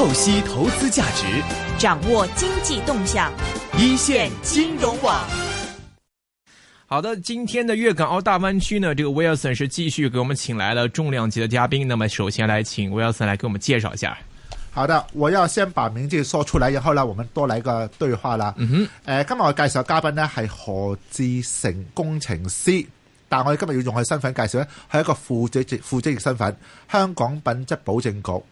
透析投資價值，掌握經濟動向，一線金融網。好的，今天的粵港澳大灣區呢，這個 Wilson 是繼續給我們請來了重量級的嘉賓。那麼首先來請 Wilson 來給我們介紹一下。好的，我要先把名字說出來，以後呢，我們多嚟個對話啦。嗯哼，誒，今日我介紹嘉賓呢係何志誠工程師，但係我今日要用佢身份介紹呢係一個副主席嘅身份，香港品質保證局。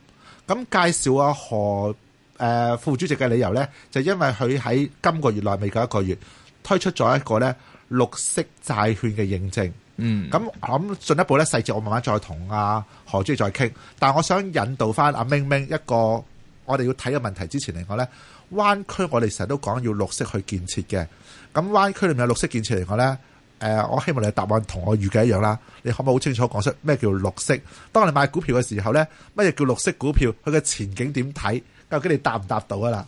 咁介紹啊何誒、呃、副主席嘅理由咧，就因為佢喺今個月內未夠一個月推出咗一個咧綠色債券嘅認證。嗯，咁咁進一步咧細節，我慢慢再同阿、啊、何主席再傾。但係我想引導翻阿、啊、明明一個我哋要睇嘅問題之前嚟講咧，灣區我哋成日都講要綠色去建設嘅。咁灣區裏面有綠色建設嚟講咧。誒、呃，我希望你嘅答案同我預計一樣啦。你可唔可以好清楚講出咩叫綠色？當你買股票嘅時候咧，乜嘢叫綠色股票？佢嘅前景點睇？究竟你答唔答到啊啦？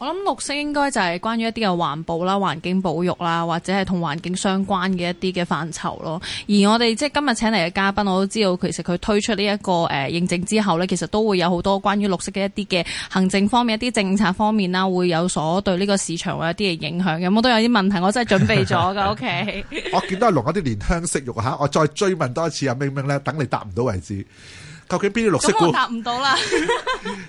我諗綠色應該就係關於一啲嘅環保啦、環境保育啦，或者係同環境相關嘅一啲嘅範疇咯。而我哋即係今日請嚟嘅嘉賓，我都知道其實佢推出呢一個誒認證之後呢，其實都會有好多關於綠色嘅一啲嘅行政方面、一啲政策方面啦，會有所對呢個市場嘅一啲嘅影響嘅。咁我都有啲問題，我真係準備咗㗎。O K，我見到阿龍一啲憐香惜玉，吓，我再追問多一次啊，明明呢？等你答唔到為止。究竟邊啲綠色股票？答唔到啦！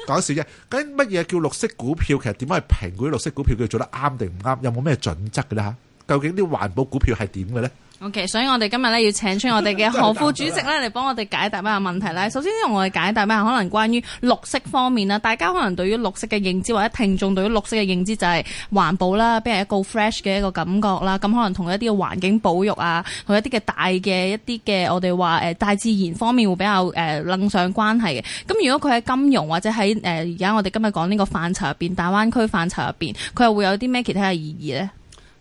講笑啫。究竟乜嘢叫綠色股票？其實點解去評估啲綠色股票，叫做得啱定唔啱？有冇咩準則嘅咧？嚇，究竟啲環保股票係點嘅咧？OK，所以我哋今日咧要請出我哋嘅何副主席咧嚟幫我哋解答一下問題咧。首先我哋解答一下可能關於綠色方面啦，大家可能對於綠色嘅認知或者聽眾對於綠色嘅認知就係環保啦，俾人一個 fresh 嘅一個感覺啦。咁可能同一啲嘅環境保育啊，同一啲嘅大嘅一啲嘅我哋話誒大自然方面會比較誒擰、呃、上關係嘅。咁如果佢喺金融或者喺誒而家我哋今日講呢個範疇入邊，大灣區範疇入邊，佢又會有啲咩其他嘅意義咧？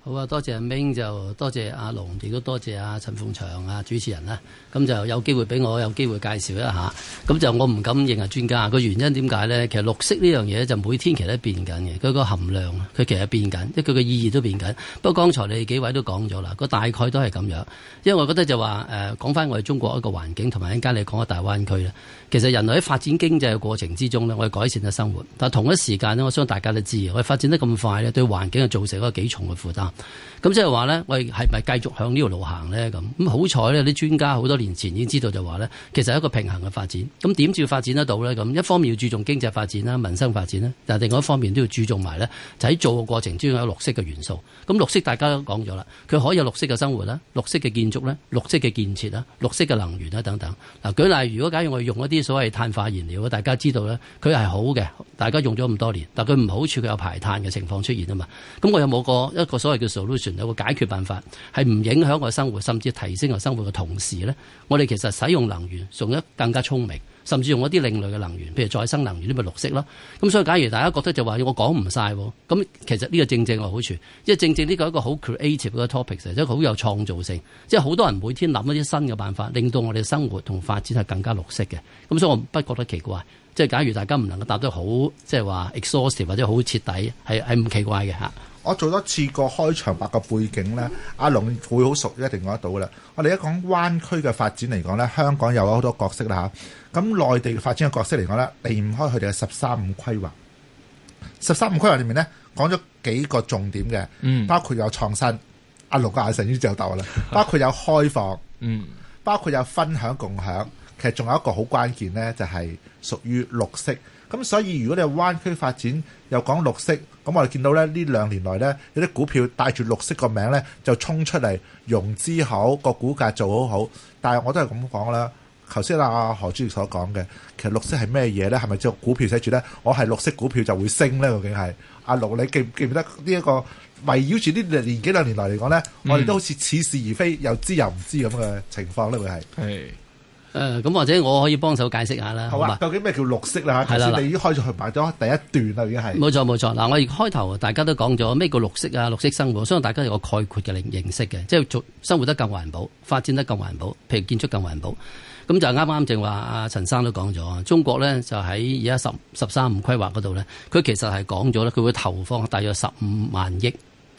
好啊！多謝阿明，就多謝阿龍，亦都多謝阿、啊、陳鳳祥啊！主持人啦，咁就有機會俾我有機會介紹一下。咁就我唔敢認係專家，個原因點解呢？其實綠色呢樣嘢就每天其實都變緊嘅，佢個含量，佢其實變緊，即佢嘅意義都變緊。不過剛才你幾位都講咗啦，個大概都係咁樣。因為我覺得就話誒、呃，講翻我哋中國一個環境，同埋一陣你講嘅大灣區啦。其實人類喺發展經濟嘅過程之中咧，我哋改善咗生活，但同一時間咧，我希望大家都知，我哋發展得咁快咧，對環境係造成一個幾重嘅負擔。咁即係話呢，我哋係咪繼續向呢條路行呢？咁咁好彩呢，啲專家好多年前已經知道，就話呢，其實係一個平衡嘅發展。咁點至發展得到呢？咁一方面要注重經濟發展啦、民生發展啦，但係另外一方面都要注重埋呢，就喺做嘅過程之中有綠色嘅元素。咁綠色大家都講咗啦，佢可以有綠色嘅生活啦、綠色嘅建築啦、綠色嘅建設啦、綠色嘅能源啦等等。嗱舉例如，如果假如我用一啲所謂碳化燃料，大家知道呢，佢係好嘅，大家用咗咁多年，但佢唔好處，佢有排碳嘅情況出現啊嘛。咁我有冇個一個所謂？嘅 solution 有個解決辦法，係唔影響我生活，甚至提升我生活嘅同時咧，我哋其實使用能源仲得更加聰明，甚至用一啲另類嘅能源，譬如再生能源，呢咪綠色咯。咁所以，假如大家覺得就話我講唔晒，咁其實呢個正正係好處，即係正正呢個一個好 creative 嗰個 topic，即係好有創造性，即係好多人每天諗一啲新嘅辦法，令到我哋生活同發展係更加綠色嘅。咁所以我不覺得奇怪，即係假如大家唔能夠答得好，即係話 exhaustive 或者好徹底，係係唔奇怪嘅嚇。我做多次個開場白個背景咧，阿龍會好熟，一定講得到噶啦。我哋一講灣區嘅發展嚟講咧，香港又有好多角色啦嚇。咁、啊、內地發展嘅角色嚟講咧，離唔開佢哋嘅十三五規劃。十三五規劃裡面咧，講咗幾個重點嘅，嗯、包括有創新，阿龍嘅眼神已經就到啦。包括有開放， 嗯，包括有分享共享。其實仲有一個好關鍵咧，就係、是、屬於綠色。咁所以如果你係灣區發展，又講綠色。咁我哋見到咧，呢兩年來咧，有啲股票帶住綠色個名咧，就衝出嚟融資好，個股價做好好，但係我都係咁講啦。頭先阿何主席所講嘅，其實綠色係咩嘢咧？係咪即個股票寫住咧？我係綠色股票就會升咧？究竟係阿、啊、六，你記唔記得呢、這、一個圍繞住呢兩年幾兩年來嚟講咧？嗯、我哋都好似似是而非，又知又唔知咁嘅情況咧，會係。誒咁、嗯、或者我可以幫手解釋下啦。係嘛、啊？吧究竟咩叫綠色啦？係啦，你已經開咗去買咗第一段啦，已經係冇錯冇錯嗱。我開頭大家都講咗咩叫綠色啊？綠色生活，相信大家有個概括嘅認識嘅，即係做生活得更環保，發展得更環保，譬如建築更環保。咁就啱啱正話，阿陳生都講咗，中國呢，就喺而家十十三五規劃嗰度呢，佢其實係講咗咧，佢會投放大約十五萬億。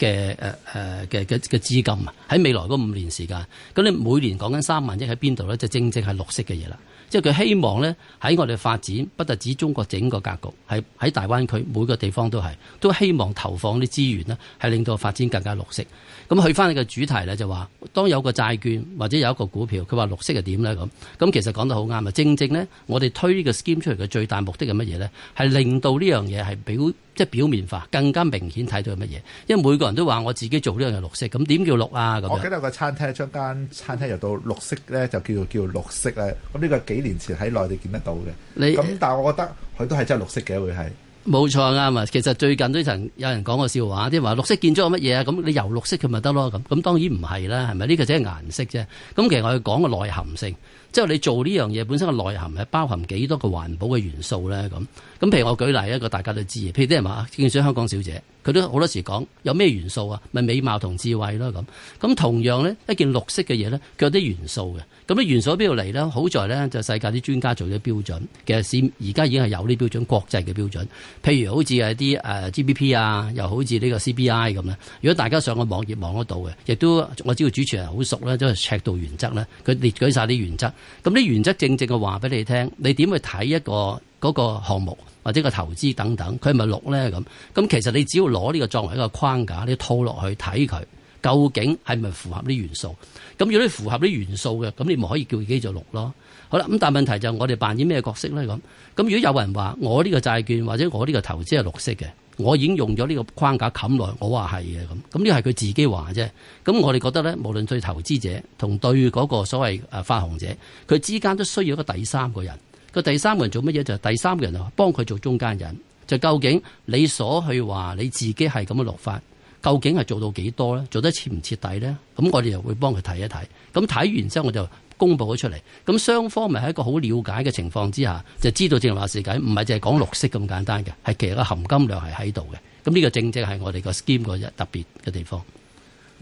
嘅誒誒嘅嘅嘅資金啊，喺未來嗰五年時間，咁你每年講緊三萬億喺邊度咧？就正正係綠色嘅嘢啦。即係佢希望咧，喺我哋發展，不單止中國整個格局，係喺大灣區每個地方都係，都希望投放啲資源呢，係令到發展更加綠色。咁去翻你嘅主題咧，就話當有個債券或者有一個股票，佢話綠色係點咧咁？咁其實講得好啱啊！正正咧，我哋推呢個 scheme 出嚟嘅最大目的係乜嘢咧？係令到呢樣嘢係表。即係表面化，更加明顯睇到係乜嘢。因為每個人都話我自己做呢樣係綠色，咁點叫綠啊？咁我記得個餐廳將間餐廳入到綠色咧，就叫做叫綠色咧。咁呢個幾年前喺內地見得到嘅。你咁，但係我覺得佢都係真係綠色嘅，會係冇錯啊嘛。其實最近都曾有人講個笑話，即話綠色建築有乜嘢啊？咁你由綠色佢咪得咯咁，咁，當然唔係啦，係咪呢個只係顏色啫？咁其實我要講個內含性。即係你做呢樣嘢本身嘅內涵係包含幾多個環保嘅元素咧？咁咁，譬如我舉例一個大家都知嘅，譬如啲人話競選香港小姐。佢都好多時講有咩元素啊？咪、就是、美貌同智慧咯咁。咁同樣咧，一件綠色嘅嘢咧，佢有啲元素嘅。咁啲元素喺邊度嚟咧？好在咧，就世界啲專家做咗標準。其實市而家已經係有啲標準，國際嘅標準。譬如好似係啲誒 GDP 啊，又好似呢個 CBI 咁啦。如果大家上個網頁望得到嘅，亦都我知道主持人好熟啦，都係尺度原則啦。佢列舉晒啲原則。咁啲原，原則正正嘅話俾你聽，你點去睇一個嗰個項目或者個投資等等，佢係咪綠咧咁？咁其實你只要攞呢個作為一個框架，你套落去睇佢究竟係咪符合啲元素？咁如果你符合啲元素嘅，咁你咪可以叫自己做綠咯。好啦，咁但係問題就係我哋扮演咩角色咧咁？咁如果有人話我呢個債券或者我呢個投資係綠色嘅，我已經用咗呢個框架冚落去，我話係嘅咁。咁呢個係佢自己話啫。咁我哋覺得咧，無論對投資者同對嗰個所謂誒發行者，佢之間都需要一個第三個人。個第三個人做乜嘢？就係、第三個人就幫佢做中間人。就係、究竟你所去話你自己係咁樣落法，究竟係做到幾多咧？做得徹唔徹底咧？咁我哋又會幫佢睇一睇。咁睇完之後，我就公佈咗出嚟。咁雙方咪係一個好了解嘅情況之下，就知道正話事解，唔係淨係講綠色咁簡單嘅，係其實個含金量係喺度嘅。咁呢個正正係我哋個 scheme 個特別嘅地方。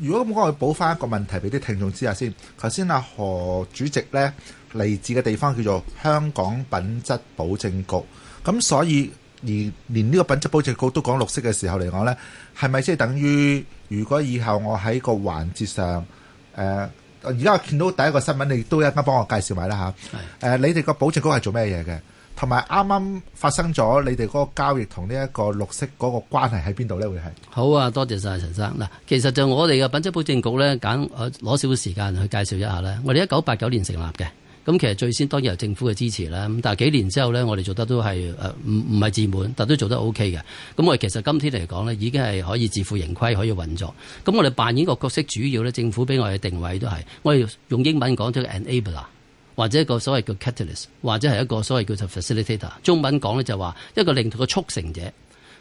如果我幫佢補翻一個問題俾啲聽眾知下先。頭先阿何主席咧。嚟自嘅地方叫做香港品質保證局，咁所以而連呢個品質保證局都講綠色嘅時候嚟講呢，係咪即係等於如果以後我喺個環節上，誒、呃，而家我見到第一個新聞，你都一間幫我介紹埋啦嚇。誒、呃，你哋個保證局係做咩嘢嘅？同埋啱啱發生咗你哋嗰個交易同呢一個綠色嗰個關係喺邊度呢？會係好啊！多謝晒陳生嗱，其實就我哋嘅品質保證局呢，揀攞少少時間去介紹一下咧。我哋一九八九年成立嘅。咁其實最先當然由政府嘅支持啦，咁但係幾年之後咧，我哋做得都係誒唔唔係自滿，但都做得 OK 嘅。咁、嗯、我哋其實今天嚟講咧，已經係可以自負盈虧，可以運作。咁、嗯、我哋扮演個角色主要咧，政府俾我哋嘅定位都係，我哋用英文講就係 enabler，或者一個所謂叫 catalyst，或者係一個所謂叫做 facilitator。中文講咧就話一個令到個促成者，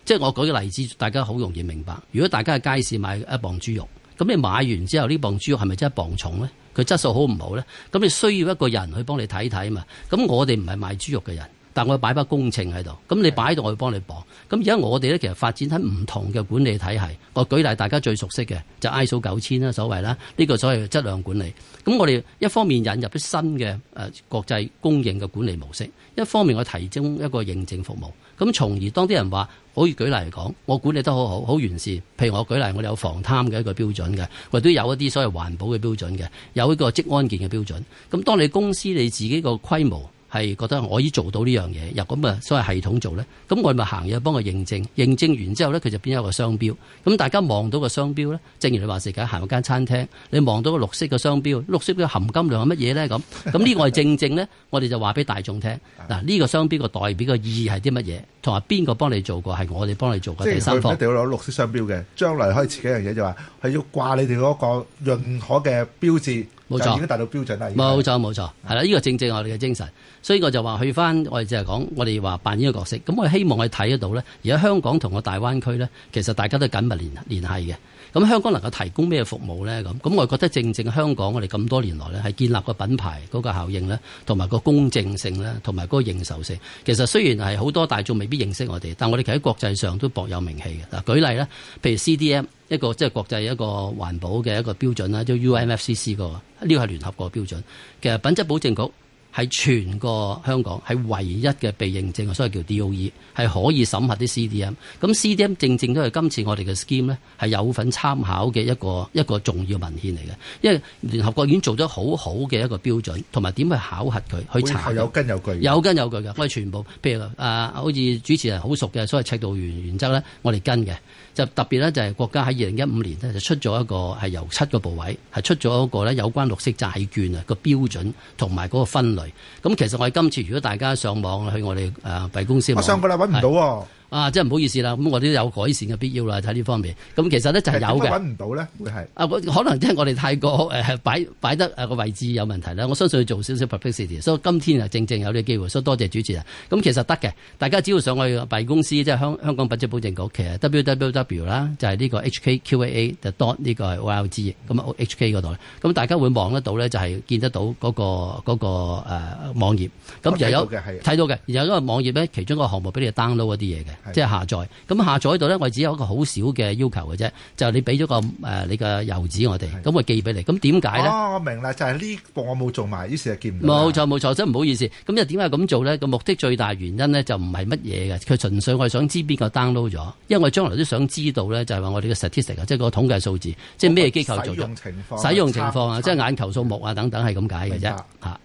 即係我舉個例子，大家好容易明白。如果大家喺街市買一磅豬肉，咁你買完之後呢磅豬肉係咪真係一磅重咧？佢質素好唔好咧？咁你需要一個人去幫你睇睇嘛？咁我哋唔係賣豬肉嘅人，但我擺把工程喺度。咁你擺到我去幫你綁。咁而家我哋咧，其實發展喺唔同嘅管理體系。我舉例，大家最熟悉嘅就 ISO 九千啦，所謂啦，呢個所謂質量管理。咁我哋一方面引入啲新嘅誒國際公認嘅管理模式，一方面我提升一個認證服務。咁從而當，當啲人話，可以舉例嚟講，我管理得好好，好完善。譬如我舉例，我哋有防貪嘅一個標準嘅，或者都有一啲所謂環保嘅標準嘅，有一個職安健嘅標準。咁當你公司你自己個規模，係覺得我可以做到呢樣嘢，入咁啊，所謂系統做咧，咁我咪行嘢幫佢認證，認證完之後咧，佢就變咗個商標。咁大家望到個商標咧，正如你話時間行間餐廳，你望到個綠色嘅商標，綠色嘅含金量係乜嘢咧？咁咁呢個係正正咧， 我哋就話俾大眾聽嗱，呢、 呢個商標個代表嘅意義係啲乜嘢，同埋邊個幫你做過係我哋幫你做嘅第三方。即係佢一定要攞綠色商標嘅，將來開始設計樣嘢就話、是、係要掛你哋嗰個認可嘅標誌。冇錯，已經達到標準啦。冇錯冇錯，係啦錯，呢個的正正我哋嘅精神，嗯、所以我就話去翻，我哋就係講，我哋話扮演個角色。咁我希望我哋睇得到咧。而家香港同個大灣區咧，其實大家都緊密連聯繫嘅。咁香港能夠提供咩服務咧？咁咁我覺得正正香港我哋咁多年來咧，係建立個品牌嗰個效應咧，同埋個公正性咧，同埋個認受性。其實雖然係好多大眾未必認識我哋，但我哋其實喺國際上都薄有名氣嘅。嗱，舉例咧，譬如 CDM。一個即係國際一個環保嘅一個標準啦，即係 U M F C C 個呢個係聯合國嘅標準。其實品質保證局。係全個香港係唯一嘅被認證，所謂叫 D.O.E 係可以審核啲 C.D.M。咁 C.D.M 正正都係今次我哋嘅 Scheme 咧係有份參考嘅一個一個重要文獻嚟嘅，因為聯合國已經做咗好好嘅一個標準同埋點去考核佢去查有根有據，有根有據嘅。我哋全部譬如啊、呃，好似主持人好熟嘅，所謂赤道原原則咧，我哋跟嘅就特別呢，就係國家喺二零一五年呢，就出咗一個係由七個部委，係出咗一個呢有關綠色債券啊個標準同埋嗰個分。咁其實我哋今次如果大家上網去我哋誒弊公司，我上個禮揾唔到喎。啊，真係唔好意思啦，咁我都有改善嘅必要啦，睇呢方面。咁其實咧就係有嘅。揾唔到咧會係啊，可能即係我哋太過誒擺擺得誒個位置有問題啦。我相信要做少少 publicity，所以今天啊正正有呢個機會，所以多謝主持人啊。咁其實得嘅，大家只要上去敝公司，即係香香港品質保證局，其實 www 啦，就係呢個 hkqaa 就 dot 呢個 olg 咁 hk 嗰度咧。咁大家會望得到咧，就係見得到嗰、那個嗰、那個誒網頁。咁又有睇、嗯、到嘅，然後呢個網頁咧其中一個項目俾你 download 一啲嘢嘅。即係下載，咁下載喺度咧，我只有一個好少嘅要求嘅啫，就係、是、你俾咗個誒、呃、你嘅郵址我哋，咁我的寄俾你。咁點解咧？我明啦，就係呢步我冇做埋，於是就見唔到。冇錯冇錯，真係唔好意思。咁又點解咁做咧？咁目的最大原因咧就唔係乜嘢嘅，佢純粹我係想知邊個 download 咗，因為我將來都想知道咧，就係、是、話我哋嘅 statistic，即係個統計數字，即係咩機構做用情況、使用情況啊，差 差 即係眼球數目啊等等係咁解嘅啫。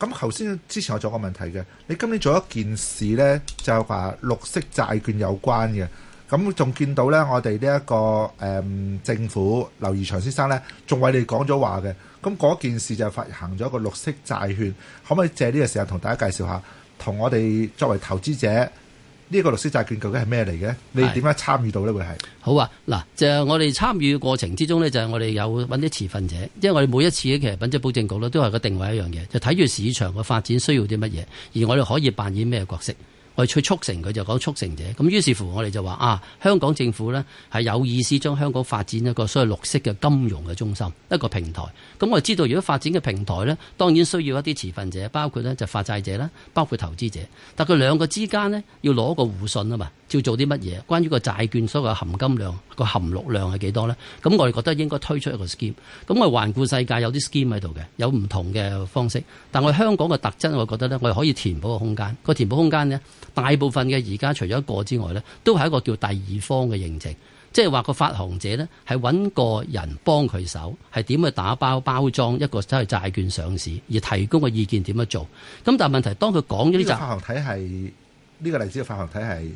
咁頭先之前我做過問題嘅，你今年做一件事呢，就係話綠色債券有關嘅。咁仲見到呢，我哋呢一個誒、嗯、政府劉義祥先生呢，仲為你講咗話嘅。咁嗰件事就係發行咗一個綠色債券，可唔可以借呢個時間同大家介紹下，同我哋作為投資者？呢個律師債券究竟係咩嚟嘅？你點樣參與到呢？會係好啊！嗱，就係我哋參與嘅過程之中呢，就係、是、我哋有揾啲持份者，因為我哋每一次嘅其實品質保證局咧，都係個定位一樣嘢，就睇住市場嘅發展需要啲乜嘢，而我哋可以扮演咩角色？我哋去促成佢就講促成者，咁於是乎我哋就話啊，香港政府呢係有意思將香港發展一個所謂綠色嘅金融嘅中心，一個平台。咁、嗯、我知道如果發展嘅平台呢，當然需要一啲持份者，包括呢就發債者啦，包括投資者。但佢兩個之間呢，要攞個互信啊嘛，要做啲乜嘢？關於個債券所謂含金量。個含氯量係幾多呢？咁我哋覺得應該推出一個 scheme。咁我環顧世界有，有啲 scheme 喺度嘅，有唔同嘅方式。但係我香港嘅特徵，我覺得呢，我哋可以填補個空間。個填補空間呢，大部分嘅而家除咗一個之外呢，都係一個叫第二方嘅認證，即係話個發行者呢，係揾個人幫佢手，係點去打包包裝一個債券,券上市，而提供個意見點樣做。咁但係問題，當佢講咗呢個發行體係呢、這個例子嘅發行體係，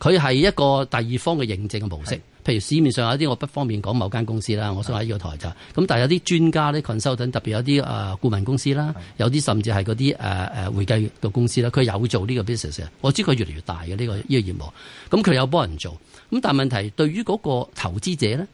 佢係一個第二方嘅認證嘅模式。譬如市面上有啲我不方便講某間公司啦，我想喺呢個台就，咁是的 但係有啲專家咧、consultant，特別有啲啊顧問公司啦，是的 有啲甚至係嗰啲誒誒會計嘅公司啦，佢有做呢個 business 嘅，我知佢越嚟越大嘅呢個呢個業務，咁佢有幫人做，咁但係問題對於嗰個投資者咧。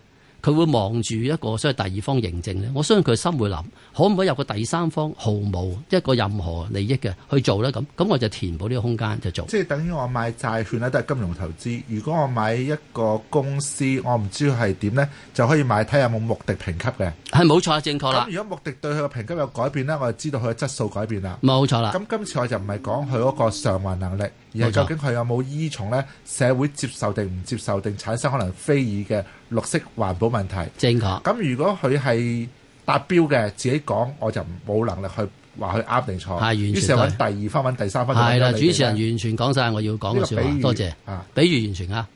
佢會望住一個，所謂第二方認證咧。我相信佢心會諗，可唔可以有個第三方，毫無一個任何利益嘅去做咧？咁咁我就填補呢個空間就做。即係等於我買債券咧，都係金融投資。如果我買一個公司，我唔知佢係點咧，就可以買睇下有冇穆迪評級嘅。係冇錯，正確啦。咁如果穆迪對佢嘅評級有改變咧，我就知道佢嘅質素改變啦。冇錯啦。咁今次我就唔係講佢嗰個償還能力。沒究竟佢有冇依從咧？社會接受定唔接受定產生可能非議嘅綠色環保問題？正確。咁如果佢係達標嘅，自己講，我就冇能力去話佢啱定錯。係完全。於是揾第二分，揾第三分。係啦的，主持人完全講晒，我要講嘅說話。多謝啊。比喻完全啊。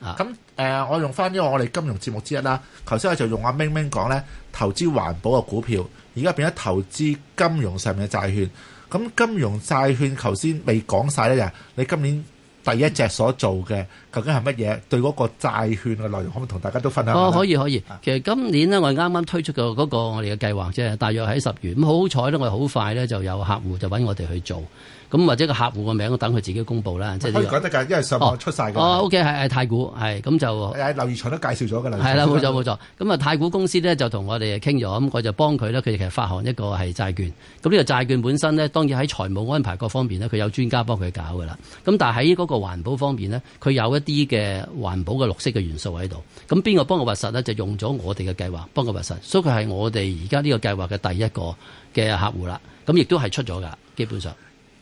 啊。咁誒、呃，我用翻呢個我哋金融節目之一啦。頭先我就用阿明明講咧投資環保嘅股票，而家變咗投資金融上面嘅債券。咁金融債券頭先未講曬咧，就你今年第一隻所做嘅究竟係乜嘢？對嗰個債券嘅內容可唔可以同大家都分享？哦，可以可以。其實今年咧，我哋啱啱推出個嗰個我哋嘅計劃即係，大約喺十月。咁好彩咧，我哋好快咧就有客戶就搵我哋去做。咁或者個客戶個名，等佢自己公布啦。即係可以講得㗎，因為上個出晒噶。哦，O K，係係，太古係，咁就係劉義祥都介紹咗㗎啦。係啦，冇錯冇錯。咁啊，太古公司咧就同我哋誒傾咗，咁我就幫佢咧。佢其實發行一個係債券。咁呢個債券本身咧，當然喺財務安排各方面咧，佢有專家幫佢搞㗎啦。咁但係喺嗰個環保方面咧，佢有一啲嘅環保嘅綠色嘅元素喺度。咁邊個幫佢核實咧？就用咗我哋嘅計劃幫佢核實，所以佢係我哋而家呢個計劃嘅第一個嘅客戶啦。咁亦都係出咗㗎，基本上。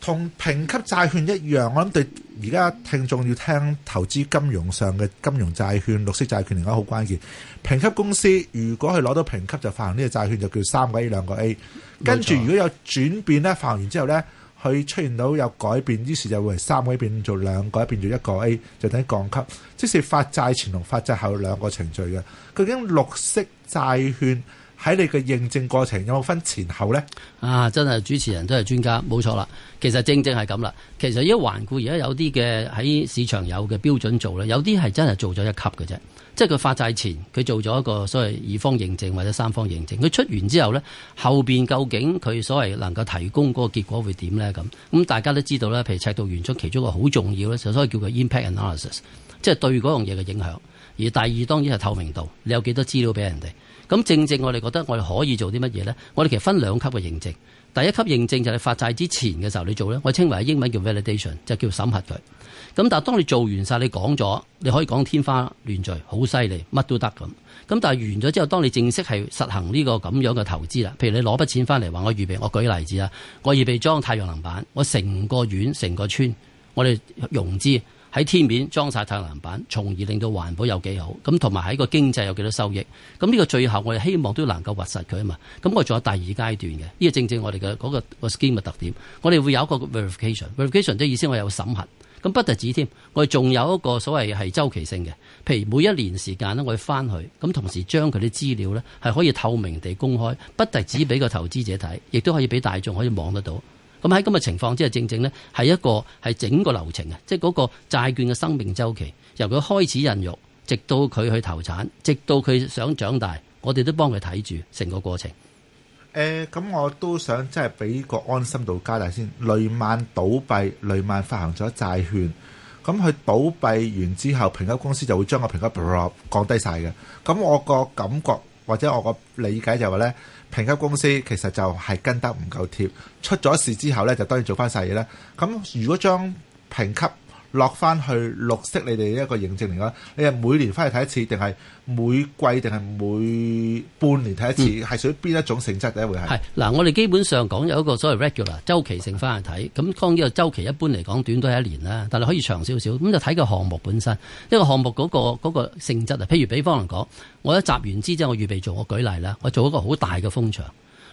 同評級債券一樣，我諗對而家聽眾要聽投資金融上嘅金融債券、綠色債券，應該好關鍵。評級公司如果佢攞到評級，就發行呢個債券就叫三個 A 兩個 A，跟住如果有轉變咧，發行完之後咧，佢出現到有改變，於是就會係三個 A 變做兩個 A 變做一個 A，就等於降級。即是發債前同發債後兩個程序嘅，究竟綠色債券，喺你嘅認證過程有冇分前後咧？啊，真係主持人，都係專家，冇錯啦。其實正正係咁啦。其實一環顧而家有啲嘅喺市場有嘅標準做咧，有啲係真係做咗一級嘅啫。即係佢發債前，佢做咗一個所謂二方認證或者三方認證。佢出完之後咧，後邊究竟佢所謂能夠提供嗰個結果會點咧？咁咁大家都知道咧，譬如赤道原則其中一個好重要咧，就所謂叫做 impact analysis，即係對嗰樣嘢嘅影響。而第二當然係透明度，你有幾多資料俾人哋？咁正正我哋覺得我哋可以做啲乜嘢呢？我哋其實分兩級嘅認證，第一級認證就係發債之前嘅時候你做呢，我稱為英文叫 validation，就叫審核佢。咁但係當你做完晒，你講咗，你可以講天花亂墜，好犀利，乜都得咁。咁但係完咗之後，當你正式係實行呢個咁樣嘅投資啦，譬如你攞筆錢翻嚟話我預備，我舉例子啊，我預備裝太陽能板，我成個縣、成個村，我哋融資。喺天面裝晒太陽能板，從而令到環保有幾好咁，同埋喺個經濟有幾多收益？咁呢個最後我哋希望都能夠核實佢啊嘛。咁我仲有第二階段嘅，呢個正正我哋嘅嗰個個 scheme 嘅特點。我哋會有一個 verification，verification 即 verification 係意思我有審核。咁不單止添，我哋仲有一個所謂係周期性嘅，譬如每一年時間咧，我哋翻去咁，同時將佢啲資料咧係可以透明地公開，不單止俾個投資者睇，亦都可以俾大眾可以望得到。咁喺今日情況之下，正正呢係一個係整個流程啊！即係嗰個債券嘅生命周期，由佢開始孕育，直到佢去投產，直到佢想長大，我哋都幫佢睇住成個過程。誒，咁我都想即係俾個安心度加大先。雷曼倒閉，雷曼發行咗債券，咁佢倒閉完之後，評級公司就會將個評級，噥降低晒嘅。咁我個感覺或者我個理解就係話咧。評級公司其實就係跟得唔夠貼，出咗事之後咧，就當然做翻晒嘢啦。咁如果將評級，落翻去綠色你，你哋一個認證嚟講，你係每年翻去睇一次，定係每季，定係每半年睇一次，係、嗯、屬於邊一種性質咧？會係係嗱，我哋基本上講有一個所謂 regular 周期性翻去睇咁，當然個周期一般嚟講短都係一年啦，但係可以長少少，咁就睇個項目本身一個項目嗰、嗰個嗰個性質啊。譬如比方嚟講，我一集完資之後，我預備做，我舉例啦，我做一個好大嘅風場。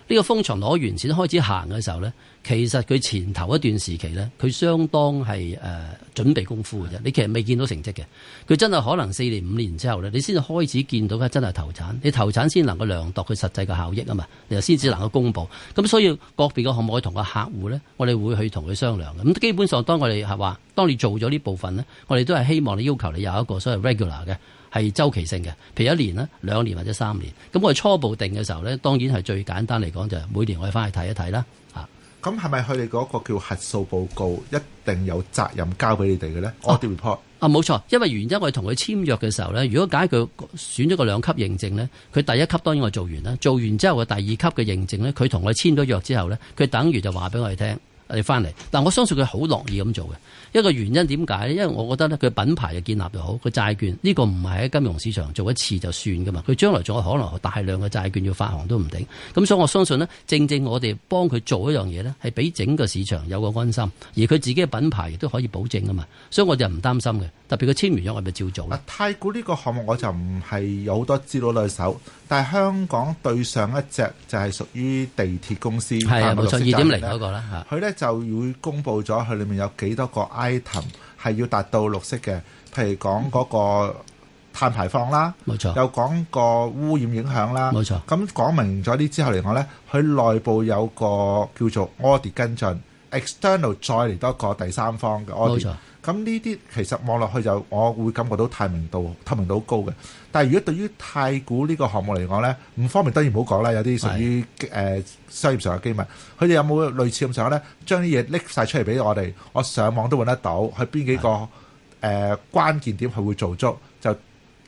呢個風場攞完錢開始行嘅時候呢，其實佢前頭一段時期呢，佢相當係誒、呃、準備功夫嘅啫。你其實未見到成績嘅，佢真係可能四年五年之後呢，你先至開始見到佢真係投產，你投產先能夠量度佢實際嘅效益啊嘛，然後先至能夠公佈。咁所以個別嘅項目同個客戶呢，我哋會去同佢商量嘅。咁基本上當我哋係話，當你做咗呢部分呢，我哋都係希望你要求你有一個所謂 regular 嘅。係周期性嘅，譬如一年啦、兩年或者三年。咁、嗯、我哋初步定嘅時候咧，當然係最簡單嚟講就係每年我哋翻去睇一睇啦。嚇、啊，咁係咪佢哋嗰個叫核數報告一定有責任交俾你哋嘅咧？我 u d i 啊，冇錯、啊，因為原因我哋同佢簽約嘅時候咧，如果解佢選咗個兩級認證咧，佢第一級當然我做完啦，做完之後嘅第二級嘅認證咧，佢同我簽咗約之後咧，佢等於就話俾我哋聽，你翻嚟，但我相信佢好樂意咁做嘅。一個原因點解呢？因為我覺得咧，佢品牌嘅建立又好，個債券呢、呢個唔係喺金融市場做一次就算噶嘛。佢將來仲有可能大量嘅債券要發行都唔定。咁所以我相信呢，正正我哋幫佢做一樣嘢呢，係俾整個市場有個安心，而佢自己嘅品牌亦都可以保證噶嘛。所以我哋唔擔心嘅。特別佢簽完約係咪照做咧、啊？太古呢個項目我就唔係有好多資料攞喺手，但係香港對上一隻就係屬於地鐵公司，係啊，冇錯，二點零嗰個啦，佢呢就會公布咗佢裏面有幾多個。item 係要達到綠色嘅，譬如講嗰個碳排放啦，冇錯，又講個污染影響啦。冇錯，咁講明咗呢之後嚟講咧，佢內部有個叫做 audit 跟進，external 再嚟多個第三方嘅 audit。咁呢啲其實望落去就，我會感覺到透明度，透明度高嘅。但係如果對於太古呢個項目嚟講咧，唔方便當然唔好講啦。有啲屬於誒、呃、商業上嘅機密，佢哋有冇類似咁樣咧？將啲嘢拎晒出嚟俾我哋，我上網都揾得到，係邊幾個誒、呃、關鍵點係會做足，就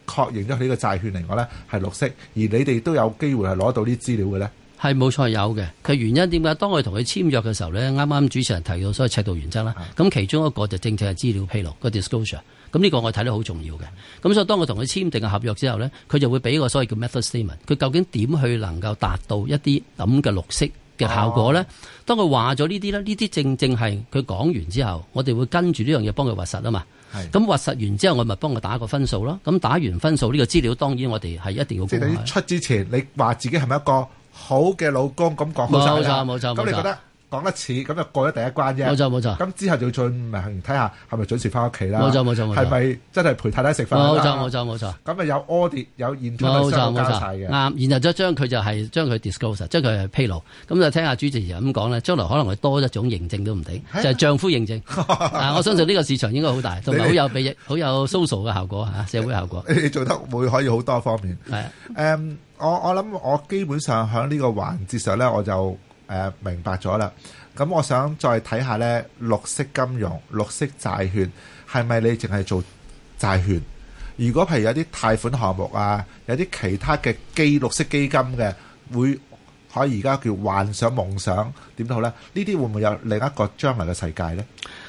確認咗佢呢個債券嚟講咧係綠色，而你哋都有機會係攞到啲資料嘅咧。係冇錯，有嘅。佢原因點解？當我同佢簽約嘅時候咧，啱啱主持人提到所謂尺度原則啦。咁的其中一個就正正係資料披露個 disclosure。咁呢的個我睇得好重要嘅。咁所以當我同佢簽訂嘅合約之後咧，佢就會俾個所謂叫 method statement。佢究竟點去能夠達到一啲咁嘅綠色嘅效果咧？哦、當佢話咗呢啲咧，呢啲正正係佢講完之後，我哋會跟住呢樣嘢幫佢核實啊嘛。咁核的實完之後，我咪幫佢打個分數咯。咁打完分數呢個資料，當然我哋係一定要即係你出之前，你話自己係咪一個？好嘅老公，咁講冇錯冇錯冇錯，咁你覺得講得似咁就過咗第一關啫。冇錯冇錯，咁之後就要證明睇下係咪準時翻屋企啦。冇錯冇錯冇錯，係咪真係陪太太食飯？冇錯冇錯冇錯。咁啊有 audit 有現場嘅相加曬啱，然後就將佢就係將佢 disclose，將佢披露。咁就聽下主持人咁講啦。將來可能係多一種認證都唔定，就係丈夫認證。啊，我相信呢個市場應該好大，同埋好有被好有 social 嘅效果嚇，社會效果。你做得會可以好多方面係誒。我我諗我基本上喺呢個環節上呢，我就誒明白咗啦。咁我想再睇下呢綠色金融、綠色債券係咪你淨係做債券？如果譬如有啲貸款項目啊，有啲其他嘅基綠色基金嘅，會可以而家叫幻想、夢想點都好呢？呢啲會唔會有另一個將來嘅世界呢？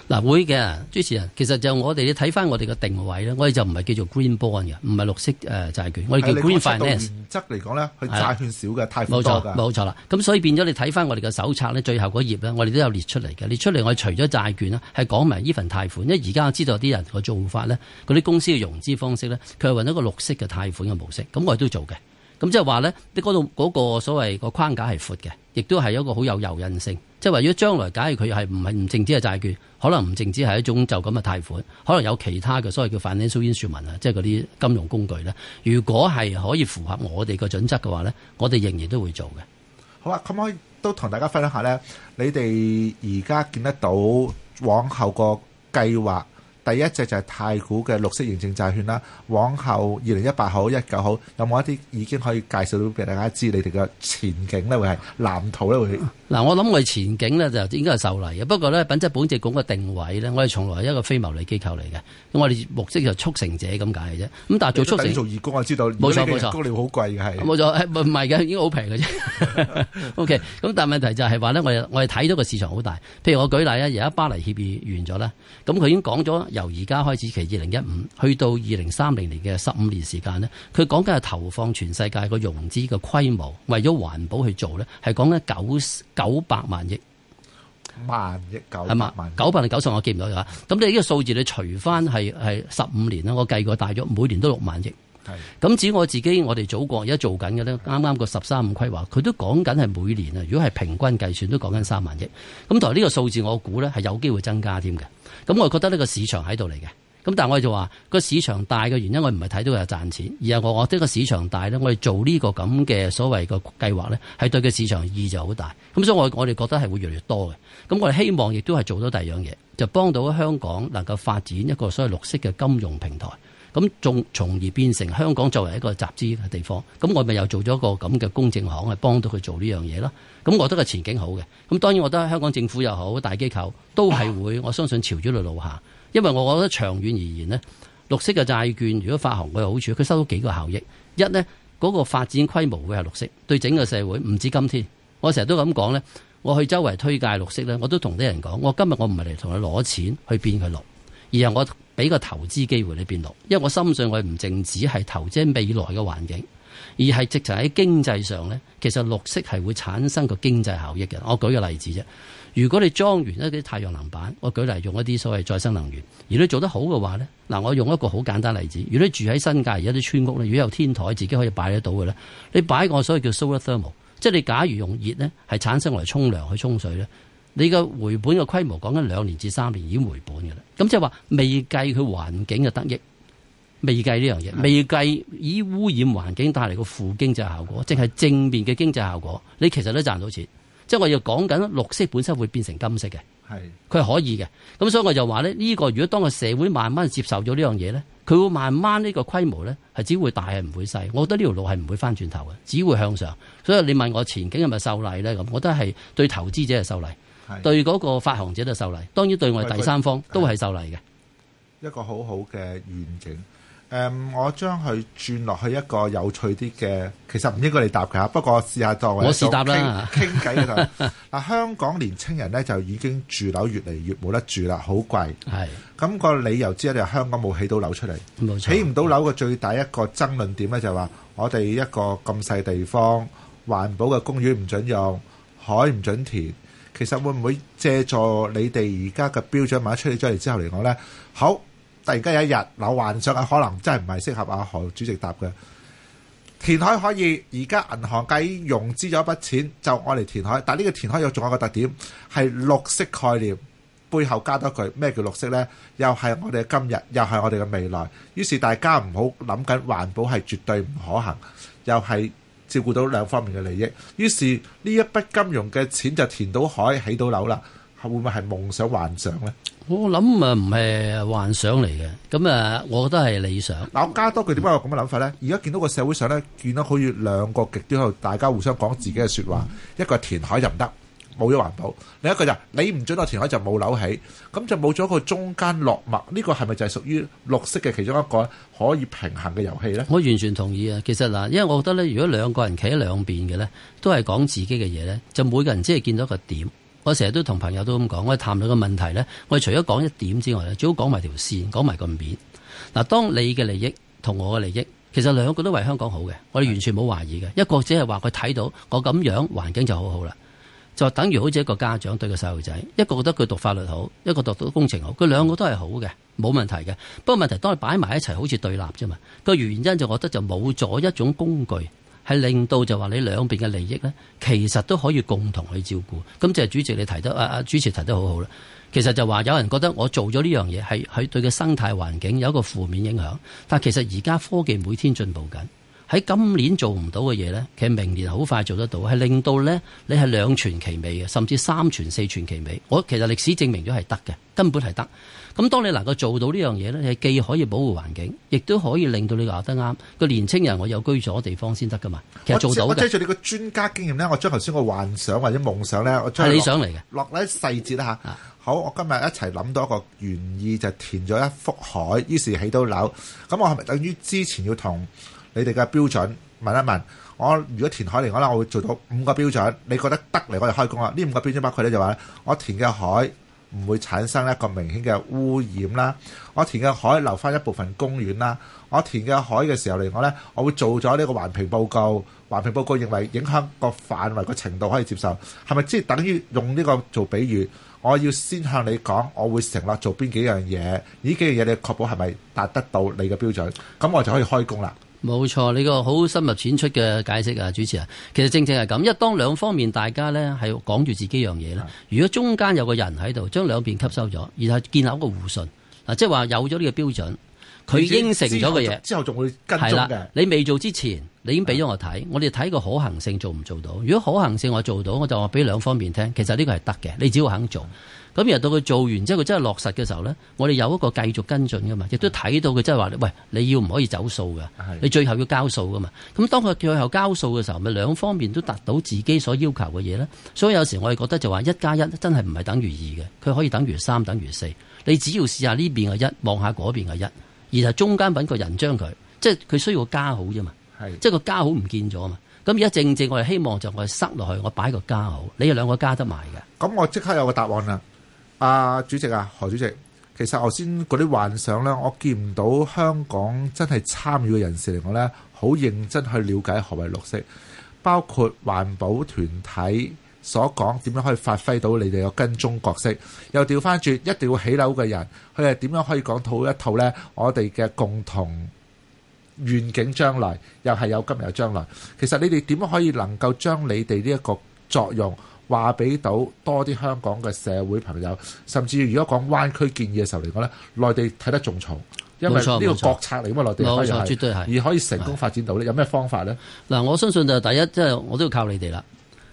嗱會嘅，主持人其實就我哋要睇翻我哋嘅定位咧，我哋就唔係叫做 green bond 嘅，唔係綠色誒、呃、債券，我哋叫 green finance。原則嚟講咧，佢債券少嘅，的貸款多嘅。冇錯啦，咁所以變咗你睇翻我哋嘅手冊咧，最後嗰頁咧，我哋都有列出嚟嘅。列出嚟我哋除咗債券呢，係講埋呢份貸款。因為而家我知道啲人個做法咧，嗰啲公司嘅融資方式咧，佢係揾一個綠色嘅貸款嘅模式。咁我哋都做嘅。咁即係話咧，你嗰度嗰個所謂個框架係闊嘅，亦都係一個好有柔韌性。即係如果將來，假如佢係唔係唔淨止係債券，可能唔淨止係一種就咁嘅貸款，可能有其他嘅，所謂叫 financial instrument 啊，即係嗰啲金融工具咧。如果係可以符合我哋嘅準則嘅話咧，我哋仍然都會做嘅。好啊，咁可以都同大家分享下咧。你哋而家見得到往，往後個計劃第一隻就係太古嘅綠色認證債券啦。往後二零一八好，一九好，有冇一啲已經可以介紹到俾大家知，你哋嘅前景咧會係藍圖咧會？ 嗱，我諗我前景咧就應該係秀麗嘅。不過咧，品質保證局嘅定位咧，我哋從來係一個非牟利機構嚟嘅。咁我哋目的就促成者咁解嘅啫。咁但係做促成做義工我知道冇錯冇錯，義工好貴嘅係冇錯，唔係嘅，應該好平嘅啫。O K，咁但係問題就係話咧，我哋我哋睇到個市場好大。譬如我舉例咧，而家巴黎協議完咗啦，咁佢已經講咗由而家開始期二零一五去到二零三零年嘅十五年時間呢，佢講緊係投放全世界個融資嘅規模，為咗環保去做呢，係講緊九。九百萬億，萬億九，係嘛？九百定九十我記唔到啦。咁你呢個數字你除翻係係十五年啦。我計過大約每年都六萬億。係咁是，至於我自己，我哋祖國而家做緊嘅咧，啱啱個十三五規劃，佢都講緊係每年啊。如果係平均計算，都講緊三萬億。咁同埋呢個數字我，我估咧係有機會增加添嘅。咁我係覺得呢個市場喺度嚟嘅。咁但係我哋就話個市場大嘅原因，我唔係睇到係賺錢，而係我覺得個市場大咧，我哋做呢個咁嘅所謂嘅計劃咧，係對個市場意義就好大。咁所以，我我哋覺得係會越嚟越多嘅。咁我哋希望亦都係做到第二樣嘢，就幫到香港能夠發展一個所謂綠色嘅金融平台。咁仲從而變成香港作為一個集資嘅地方。咁我咪又做咗一個咁嘅公證行，係幫到佢做呢樣嘢咯。咁我覺得個前景好嘅。咁當然，我覺得香港政府又好，大機構都係會，我相信朝住呢條路行。 因為我覺得長遠而言咧，綠色嘅債券如果發行，佢有好處，佢收到幾個效益。一咧，嗰個發展規模會係綠色，對整個社會唔止今天。我成日都咁講呢，我去周圍推介綠色呢，我都同啲人講，我今日我唔係嚟同你攞錢去變佢綠，而係我俾個投資機會你變綠。因為我深信，我唔淨止係投資未來嘅環境，而係直情喺經濟上呢，其實綠色係會產生個經濟效益嘅。我舉個例子啫。如果你裝完一啲太陽能板，我舉例用一啲所謂再生能源，而你做得好嘅話咧，嗱，我用一個好簡單例子，如果你住喺新界而家啲村屋咧，如果有天台自己可以擺得到嘅咧，你擺個所謂叫 solar thermal，即係你假如用熱咧，係產生嚟沖涼去沖水咧，你嘅回本嘅規模講緊兩年至三年已經回本㗎喇。咁即係話未計佢環境嘅得益，未計呢樣嘢，未計以污染環境帶嚟個負經濟效果，淨係正面嘅經濟效果，你其實都賺到錢。即係我要講緊綠色本身會變成金色嘅，係佢係可以嘅。咁所以我就話咧呢個如果當個社會慢慢接受咗呢樣嘢咧，佢會慢慢呢個規模咧係只會大係唔會細。我覺得呢條路係唔會翻轉頭嘅，只會向上。所以你問我前景係咪受利咧咁，我覺得係對投資者係受利，是的 對嗰個發行者都係受利，當然對我哋第三方都係受利嘅。一個好好嘅願景。誒、嗯，我將佢轉落去一個有趣啲嘅，其實唔應該你答嘅，不過試下當我試答啦，傾偈嘅時候嗱，香港年青人咧就已經住樓越嚟越冇得住啦，好貴。係咁是個理由之一就係香港冇起到樓出嚟，起唔到樓嘅最大一個爭論點咧就係話，我哋一個咁細地方，環保嘅公園唔準用，海唔準填，其實會唔會借助你哋而家嘅標準買一出嚟咗嚟之後嚟講咧？好。突然間有一日，樓幻想啊，可能真係唔係適合阿何主席答嘅。填海可以，而家銀行界已融資咗一筆錢，就我嚟填海。但係呢個填海有仲一個特點，係綠色概念。背後加多句咩叫綠色呢？又係我哋嘅今日，又係我哋嘅未來。於是大家唔好諗緊環保係絕對唔可行，又係照顧到兩方面嘅利益。於是呢一筆金融嘅錢就填到海，起到樓啦。會唔會係夢想幻想呢？我諗啊，唔係幻想嚟嘅，咁啊，我覺得係理想。嗱、嗯，我加多句點解有咁嘅諗法咧？而家見到個社會上咧，見到可以兩個極端，大家互相講自己嘅說話，嗯、一個填海就唔得，冇咗環保，另一個就你唔准我填海就冇樓起，咁就冇咗個中間落墨。呢、這個係咪就係屬於綠色嘅其中一個可以平衡嘅遊戲咧？我完全同意啊！其實嗱，因為我覺得咧，如果兩個人企喺兩邊嘅咧，都係講自己嘅嘢咧，就每個人只係見到一個點。我成日都同朋友都咁講，我哋談到個問題咧，我哋除咗講一點之外咧，最好講埋條線，講埋個面。嗱，當你嘅利益同我嘅利益，其實兩個都為香港好嘅，我哋完全冇懷疑嘅。一個只係話，佢睇到我咁樣環境就好好啦，就等於好似一個家長對個細路仔，一個覺得佢讀法律好，一個讀到工程好，佢兩個都係好嘅，冇問題嘅。不過問題當係擺埋一齊，好似對立啫嘛。個原因就覺得就冇咗一種工具。係令到就話你兩邊嘅利益咧，其實都可以共同去照顧。咁就係主席你提得，阿、啊、阿主席提得好好啦。其實就話有人覺得我做咗呢樣嘢係係對嘅生態環境有一個負面影響，但其實而家科技每天進步緊。喺今年做唔到嘅嘢咧，其實明年好快做得到，係令到咧你係兩全其美嘅，甚至三全四全其美。我其實歷史證明咗係得嘅，根本係得。咁當你能夠做到呢樣嘢咧，係既可以保護環境，亦都可以令到你話得啱個年青人，我有居住嘅地方先得噶嘛。其實做到我借助你個專家經驗咧，我將頭先個幻想或者夢想咧，我將係理想嚟嘅落咧細節啦吓。的好，我今日一齊諗到一個原意，就填咗一幅海，於是起到樓咁，我係咪等於之前要同？你哋嘅標準問一問我。如果填海嚟講咧，我會做到五個標準。你覺得得嚟，我就開工啦。呢五個標準包括咧就話我填嘅海唔會產生一個明顯嘅污染啦。我填嘅海留返一部分公園啦。我填嘅海嘅時候嚟講呢，我會做咗呢個環評報告。環評報告認為影響個範圍個程度可以接受，係咪即係等於用呢個做比喻？我要先向你講，我會承諾做邊幾樣嘢？呢幾樣嘢你確保係咪達得到你嘅標準？咁我就可以開工啦。冇錯，呢個好深入淺出嘅解釋啊，主持啊，其實正正係咁，因為當兩方面大家咧係講住自己樣嘢啦，是的 如果中間有個人喺度將兩邊吸收咗，然後建立一個互信，嗱，即係話有咗呢個標準。佢應承咗嘅嘢之後，仲會跟蹤嘅。你未做之前，你已經俾咗我睇。的我哋睇個可行性做唔做到？如果可行性我做到，我就話俾兩方面聽。其實呢個係得嘅，你只要肯做。咁然後的到佢做完之後，佢真係落實嘅時候呢，我哋有一個繼續跟進噶嘛，亦都睇到佢真係話：喂，你要唔可以走數噶？你最後要交數噶嘛？咁的當佢最後交數嘅時候，咪兩方面都達到自己所要求嘅嘢咧。所以有時我哋覺得就話一加一真係唔係等於二嘅，佢可以等於三，等於四。你只要試下呢邊嘅一望下嗰邊嘅一。而係中間揾個人將佢，即係佢需要個加號啫嘛，是即係個加號唔見咗啊嘛。咁而家正正我哋希望就我哋塞落去，我擺個加號，你哋兩個加得埋嘅。咁我即刻有個答案啦，啊，主席啊，何主席，其實頭先嗰啲幻想咧，我見唔到香港真係參與嘅人士嚟講咧，好認真去了解何為綠色，包括環保團體。所講點樣可以發揮到你哋嘅跟蹤角色，又調返轉一定要起樓嘅人，佢係點樣可以講套一套咧？我哋嘅共同願景，將來又係有今日嘅將來。其實你哋點樣可以能夠將你哋呢一個作用話俾到多啲香港嘅社會朋友，甚至如果講灣區建議嘅時候嚟講咧，內地睇得仲重，因為呢個國策嚟，咁啊錯內地絕對係而可以成功發展到咧，的有咩方法咧？嗱，我相信就第一，即係我都要靠你哋啦。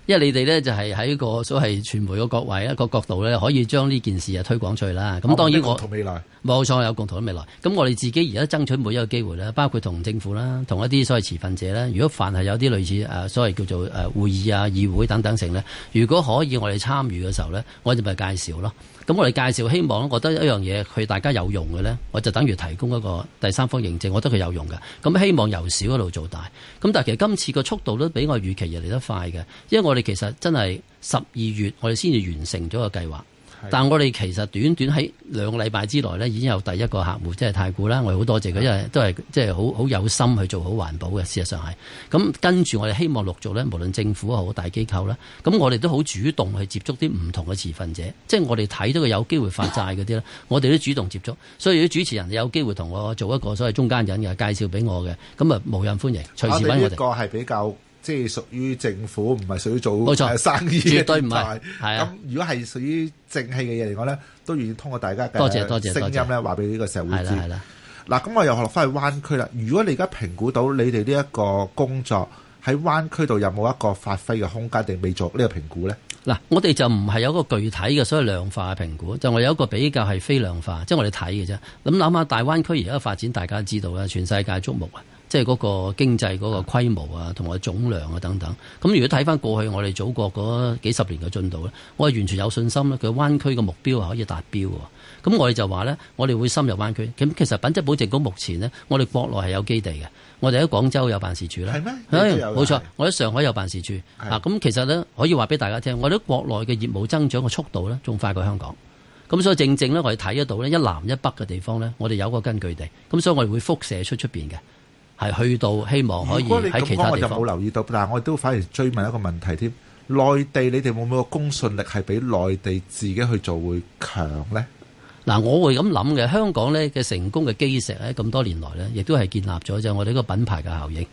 因為你哋咧就係喺個所謂傳媒嘅各位一個角度咧，可以將呢件事啊推廣出去啦。咁當然我同未來冇錯有共同嘅未來。咁我哋自己而家爭取每一個機會咧，包括同政府啦，同一啲所謂持份者咧。如果凡係有啲類似誒所謂叫做誒會議啊、議會等等成咧，如果可以我哋參與嘅時候咧，我哋咪介紹咯。咁我哋介紹，希望覺得一樣嘢佢大家有用嘅咧，我就等於提供一個第三方認證，我覺得佢有用嘅。咁希望由小一路做大。咁但係其實今次個速度都比我預期嚟得快嘅，因為我哋其實真係十二月我哋先至完成咗個計劃。但我哋其實短短喺兩個禮拜之內呢，已經有第一個客戶，即係太古啦。我哋好多謝佢，因為都係即係好好有心去做好環保嘅事實上係。咁跟住我哋希望陸續呢，無論政府啊好大機構啦，咁我哋都好主動去接觸啲唔同嘅持份者，即係我哋睇到佢有機會發債嗰啲呢， 我哋都主動接觸。所以啲主持人有機會同我做一個所謂中間人嘅介紹俾我嘅，咁啊無人歡迎，隨時揾我哋。啊、個係比較。即係屬於政府，唔係屬於做生意。冇錯。絕對唔係。係啊。咁如果係屬於正氣嘅嘢嚟講咧，都願意通過大家嘅聲音咧，話俾呢個社會知。係啦，係啦。嗱，咁我又學落翻去灣區啦。如果你而家評估到你哋呢一個工作喺灣區度有冇一個發揮嘅空間，定未做呢個評估咧？嗱，我哋就唔係有一個具體嘅，所謂量化嘅評估，就我有一個比較係非量化，即係我哋睇嘅啫。咁諗下大灣區而家嘅發展，大家知道啦，全世界矚目啊！即係嗰個經濟嗰個規模啊，同埋總量啊等等。咁如果睇翻過去我哋祖國嗰幾十年嘅進度咧，我係完全有信心咧，佢灣區嘅目標係可以達標嘅。咁我哋就話咧，我哋會深入灣區。咁其實品質保證局目前呢，我哋國內係有基地嘅，我哋喺廣州有辦事處咧，係咩嗎？哎，冇錯，我喺上海有辦事處。嗎啊，咁其實咧可以話俾大家聽，我哋喺國內嘅業務增長嘅速度咧，仲快過香港。咁所以正正咧，我哋睇得到咧，一南一北嘅地方咧，我哋有個根據地。咁所以我哋會輻射出出邊嘅。係去到希望可以喺其他地方。冇留意到，但我哋都反而追問一個問題添。內地你哋會唔會個公信力係比內地自己去做會強呢？嗱、嗯，我會咁諗嘅。香港呢嘅成功嘅基石喺咁多年來呢，亦都係建立咗。就我哋一個品牌嘅效應，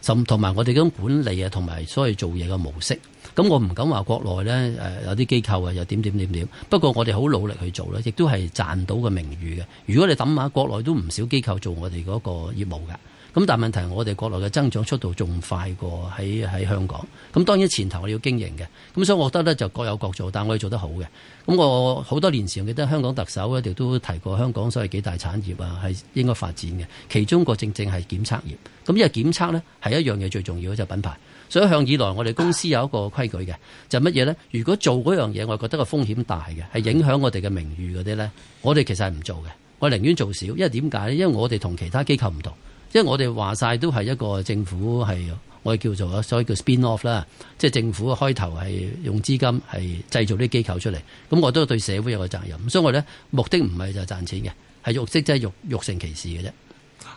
甚同埋我哋嗰種管理啊，同埋所謂做嘢嘅模式。咁我唔敢話國內呢，誒有啲機構啊又點點點點。不過我哋好努力去做呢，亦都係賺到嘅名譽嘅。如果你諗下國內都唔少機構做我哋嗰個業務㗎。咁但係問題，我哋國內嘅增長速度仲快過喺喺香港。咁當然前頭我哋要經營嘅，咁所以我覺得呢就各有各做，但我哋做得好嘅。咁我好多年前記得香港特首咧，亦都提過香港所謂幾大產業啊，係應該發展嘅。其中個正正係檢測業。咁因為檢測呢係一樣嘢最重要嘅就係品牌。所以向以來我哋公司有一個規矩嘅就係乜嘢呢？如果做嗰樣嘢，我覺得個風險大嘅係影響我哋嘅名譽嗰啲呢，我哋其實係唔做嘅。我寧願做少，因為點解呢？因為我哋同其他機構唔同。即係我哋話晒都係一個政府係我哋叫做，所以叫 spin off 啦。即係政府開頭係用資金係製造啲機構出嚟，咁我都對社會有個責任。所以我咧目的唔係就係賺錢嘅，係欲即係欲欲成其事嘅啫。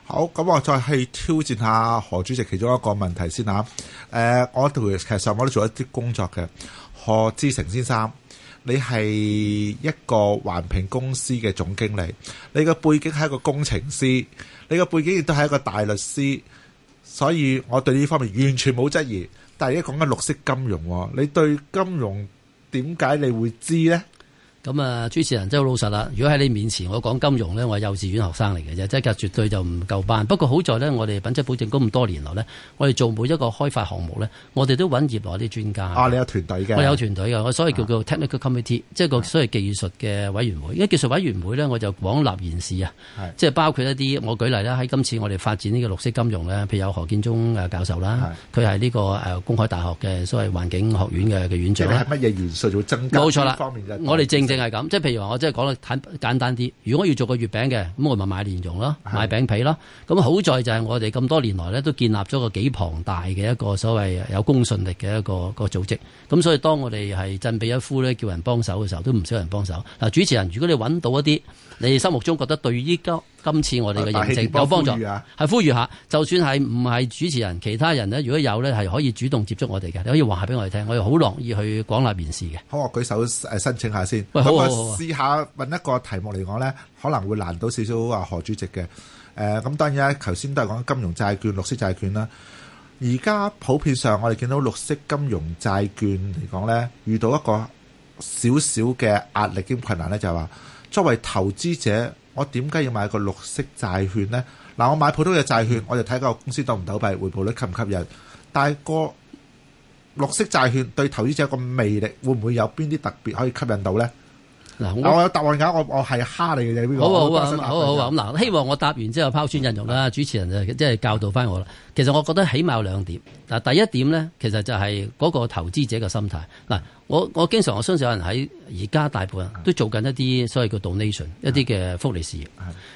好，咁我再去挑戰下何主席其中一個問題先啦。誒，呃，我同其實我都做一啲工作嘅，何志誠先生。你係一個環評公司嘅總經理，你嘅背景係一個工程師，你嘅背景亦都係一個大律師，所以我對呢方面完全冇質疑。但係而家講緊綠色金融，你對金融點解你會知呢？咁啊、嗯，主持人真係好老實啦。如果喺你面前我，我講金融咧，我係幼稚園學生嚟嘅啫，即係絕對就唔夠班。不過好在咧，我哋品質保證咁多年來咧，我哋做每一個開發項目咧，我哋都揾業內啲專家。啊，你有團隊嘅？我有團隊嘅，我所以叫做 technical committee，、啊、即係個所謂技術嘅委員會。因為技術委員會咧，我就廣納賢士啊，是即係包括一啲我舉例啦。喺今次我哋發展呢個綠色金融咧，譬如有何建忠教授啦，佢係呢個誒公開大學嘅所謂環境學院嘅嘅院長。乜嘢、嗯、元素會增加？冇錯啦，我哋正。淨係咁，即係譬如話，我真係講得簡簡單啲。如果要做個月餅嘅，咁我咪買蓮蓉咯，買餅皮咯。咁是的 好在就係我哋咁多年來咧，都建立咗個幾龐大嘅一個所謂有公信力嘅一個個組織。咁所以當我哋係振臂一呼咧，叫人幫手嘅時候，都唔少人幫手。嗱，主持人，如果你揾到一啲。你心目中覺得對依家今次我哋嘅疫情有幫助？係 呼籲下，就算係唔係主持人，其他人咧，如果有呢係可以主動接觸我哋嘅，你可以話下俾我哋聽，我哋好樂意去廣納民意嘅。好，我舉手誒申請下先。喂，好，好好，我試下問一個題目嚟講呢，可能會難倒少少啊何主席嘅。誒、呃、咁當然咧，頭先都係講金融債券、綠色債券啦。而家普遍上，我哋見到綠色金融債券嚟講呢，遇到一個少少嘅壓力兼困難呢，就係話。作為投資者，我點解要買個綠色債券呢？嗱，我買普通嘅債券，我就睇個公司倒唔倒閉，回報率吸唔吸引。但係個綠色債券對投資者個魅力，會唔會有邊啲特別可以吸引到呢？嗱我，我有答案㗎，我我係蝦你嘅啫。好好好，好好咁嗱，希望我答完之後拋磚引玉啦，主持人就即係教導翻我啦。其實我覺得起碼有兩點，嗱第一點咧，其實就係嗰個投資者嘅心態。嗱，我我經常我相信有人喺而家大部分都做緊一啲所謂叫 donation 一啲嘅福利事業。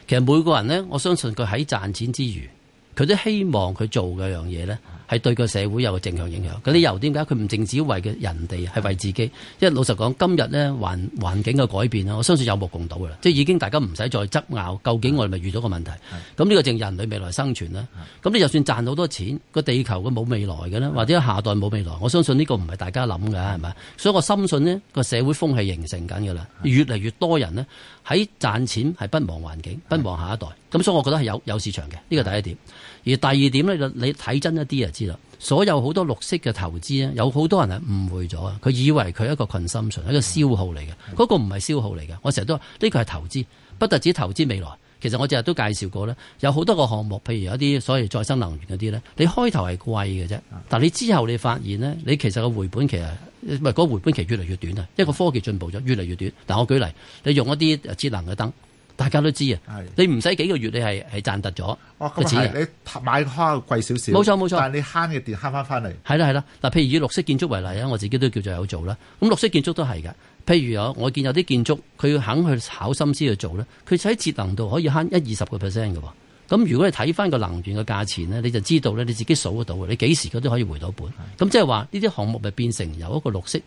其實每個人咧，我相信佢喺賺錢之餘。佢都希望佢做嘅樣嘢呢，係對個社會有個正向影響。嗰啲油點解佢唔淨止為嘅人哋，係為自己？因為老實講，今日呢環環境嘅改變啊，我相信有目共睹嘅啦。即係已經大家唔使再執拗，究竟我哋咪遇到個問題，咁呢個就人類未來生存啦。咁你就算賺好多錢，個地球嘅冇未來嘅啦，或者下一代冇未來，我相信呢個唔係大家諗嘅，係咪？所以我深信呢個社會風氣形成緊嘅啦，越嚟越多人呢，喺賺錢，係不忘環境，不忘下一代。咁所以，我覺得係有有市場嘅，呢個第一點。而第二點咧，你睇真一啲就知啦。所有好多綠色嘅投資咧，有好多人係誤會咗啊！佢以為佢一個 consumption，係一個消耗嚟嘅。嗰個唔係消耗嚟嘅，那個。我成日都話，呢、這個係投資，不特止投資未來。其實我成日都介紹過咧，有好多個項目，譬如一啲所謂再生能源嗰啲咧，你開頭係貴嘅啫，但係你之後你發現咧，你其實個回本期唔係嗰個回本期越嚟越短啊，一個科技進步咗，越嚟越短。但我舉例，你用一啲節能嘅燈。大家都知啊，的你唔使幾個月你，你係係賺得咗嘅錢。你買開貴少少，冇錯冇錯。但係你慳嘅電慳翻翻嚟。係啦係啦。嗱，譬如以綠色建築為例咧，我自己都叫做有做啦。咁綠色建築都係嘅。譬如我有我見有啲建築，佢肯去考心思去做咧，佢喺節能度可以慳一二十個 percent 嘅喎。咁如果你睇翻個能源嘅價錢咧，你就知道咧，你自己數得到嘅。你幾時佢都可以回到本。咁即係話呢啲項目咪變成由一個綠色。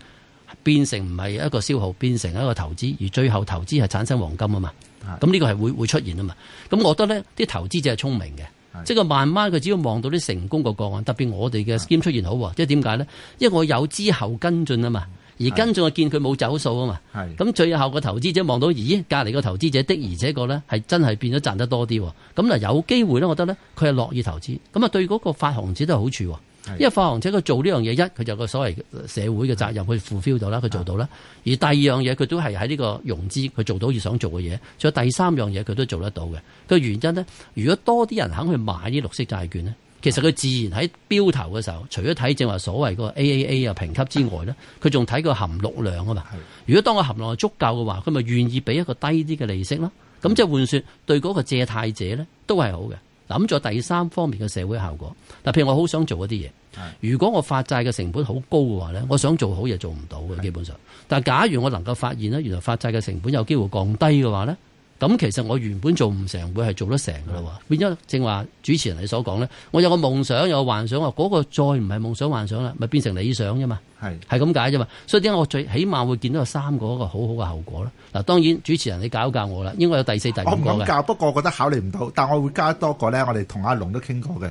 變成唔係一個消耗，變成一個投資，而最後投資係產生黃金啊嘛。咁呢是的 個係會會出現啊嘛。咁我覺得呢啲投資者係聰明嘅，是的 即係佢慢慢佢只要望到啲成功個個案，特別我哋嘅 s k 出現好喎。即係點解呢？因為我有之後跟進啊嘛，而跟進我見佢冇走數啊嘛。咁是的 最後個投資者望到，咦？隔離個投資者的而且確呢係真係變咗賺得多啲。咁嗱，有機會呢，我覺得呢，佢係樂意投資。咁啊，對嗰個發行者都係好處。因為發行者佢做呢樣嘢，一佢就有個所謂社會嘅責任去 fulfill 到啦，佢做到啦。而第二樣嘢佢都係喺呢個融資佢做到而想做嘅嘢。仲有第三樣嘢佢都做得到嘅。個原因呢，如果多啲人肯去買啲綠色債券呢，其實佢自然喺標頭嘅時候，除咗睇正話所謂個 AAA 啊評級之外呢，佢仲睇個含綠量啊嘛。如果當個含綠量足夠嘅話，佢咪願意俾一個低啲嘅利息咯。咁即係換算對嗰個借貸者呢，都係好嘅。諗咗第三方面嘅社會效果，嗱，譬如我好想做嗰啲嘢，是的 如果我發債嘅成本好高嘅話咧，是的 我想做好嘢做唔到嘅是的 基本上。但係假如我能夠發現咧，原來發債嘅成本有機會降低嘅話咧。咁其實我原本做唔成會係做得成噶啦，嗯、變咗正話主持人你所講咧，我有個夢想，有個幻想，嗰、嗰個再唔係夢想幻想啦，咪變成理想啫嘛，係係咁解啫嘛。所以點解我最起碼會見到有三個一個好好嘅後果啦。嗱，當然主持人你教一教我啦，應該有第四第五個教，不，教不過我覺得考慮唔到，但係我會加多個咧。我哋同阿龍都傾過嘅，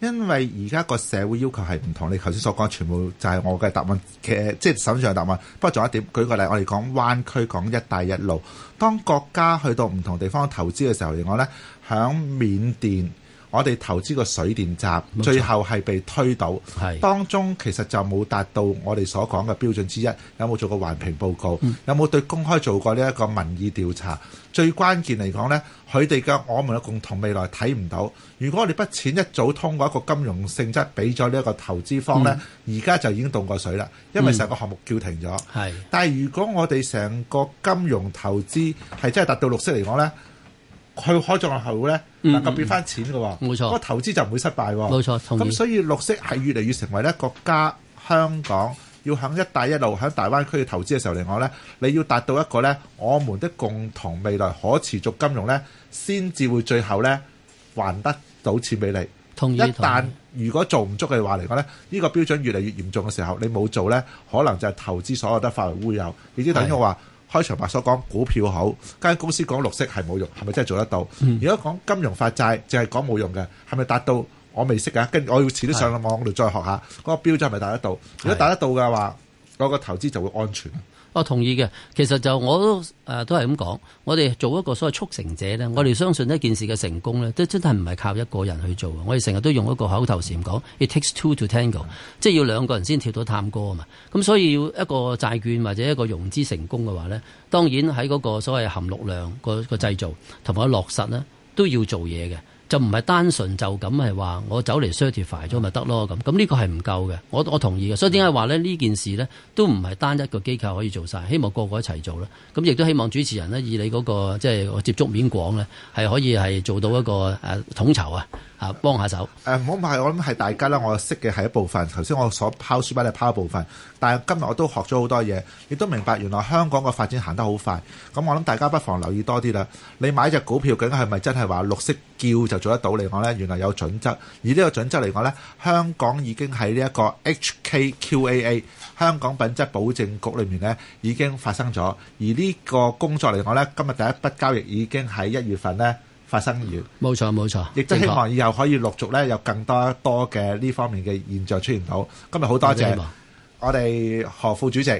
因為而家個社會要求係唔同你頭先所講，全部就係我嘅答案其實，即係手上嘅答案。不過仲有一點，舉個例，我哋講灣區，講一帶一路。當國家去到唔同地方投資嘅時候，另外咧，響緬甸。我哋投資個水電站，錯最後係被推倒。係是當中其實就冇達到我哋所講嘅標準之一。有冇做過環評報告？嗯、有冇對公開做過呢一個民意調查？最關鍵嚟講呢，佢哋嘅我們嘅共同未來睇唔到。如果我哋筆錢一早通過一個金融性質俾咗呢一個投資方呢，而家、嗯、就已經動過水啦。因為成個項目叫停咗。係、嗯，但係如果我哋成個金融投資係真係達到綠色嚟講呢。佢開咗個後呢，咧，嗱就變翻錢嘅喎，冇錯。個投資就唔會失敗，冇錯。咁所以綠色係越嚟越成為咧國家香港要喺一帶一路喺大灣區去投資嘅時候，嚟講呢，你要達到一個呢，我們的共同未來可持續金融呢，先至會最後呢還得到錢俾你。同意一旦同意如果做唔足嘅話嚟講呢，呢、呢個標準越嚟越嚴重嘅時候，你冇做呢，可能就係投資所有得化為烏有。亦都等於我話。開場白所講股票，好間公司講綠色係冇用，係咪真係做得到？嗯、如果講金融發債，淨係講冇用嘅，係咪達到我未識嘅？跟住我要遲啲上網度再學下嗰的個標準係咪達得到？的如果達得到嘅話，我個投資就會安全。我同意嘅，其實就我都誒、呃、都係咁講，我哋做一個所謂促成者咧，我哋相信一件事嘅成功咧，都真係唔係靠一個人去做嘅。我哋成日都用一個口頭禪講，It takes two to tango，即係要兩個人先跳到探戈啊嘛。咁所以要一個債券或者一個融資成功嘅話呢，當然喺嗰個所謂含綠量個個製造同埋落實咧，都要做嘢嘅。就唔係單純就咁係話我走嚟 certify 咗咪得咯咁，咁呢個係唔夠嘅。我我同意嘅，所以點解話咧呢件事咧都唔係單一個機構可以做晒，希望個個一齊做啦，咁亦都希望主持人咧以你嗰個即係我接觸面廣咧，係可以係做到一個誒統籌啊。啊！幫下手誒，唔好話係我諗係大家啦，我識嘅係一部分。頭先我所拋書係拋一部分，但係今日我都學咗好多嘢，亦都明白原來香港個發展行得好快。咁我諗大家不妨留意多啲啦。你買隻股票究竟係咪真係話綠色叫就做得到嚟講呢，原來有準則，而呢個準則嚟講呢，香港已經喺呢一個 HKQAA 香港品質保證局裏面呢已經發生咗。而呢個工作嚟講呢，今日第一筆交易已經喺一月份呢。發生完，冇錯冇錯，亦都希望以後可以陸續呢，有更多多嘅呢方面嘅現象出現到。今日好多謝我哋何副主席，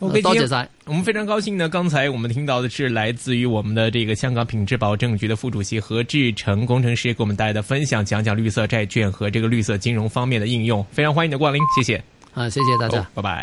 多謝晒。 okay, 我們非常高興呢，剛才我們聽到的是來自於我們的這個香港品質保證局的副主席何志誠工程師，給我們帶來的分享，講講綠色債券和這個綠色金融方面的應用。非常歡迎你的光臨，謝謝。好，啊，謝謝大家，拜拜。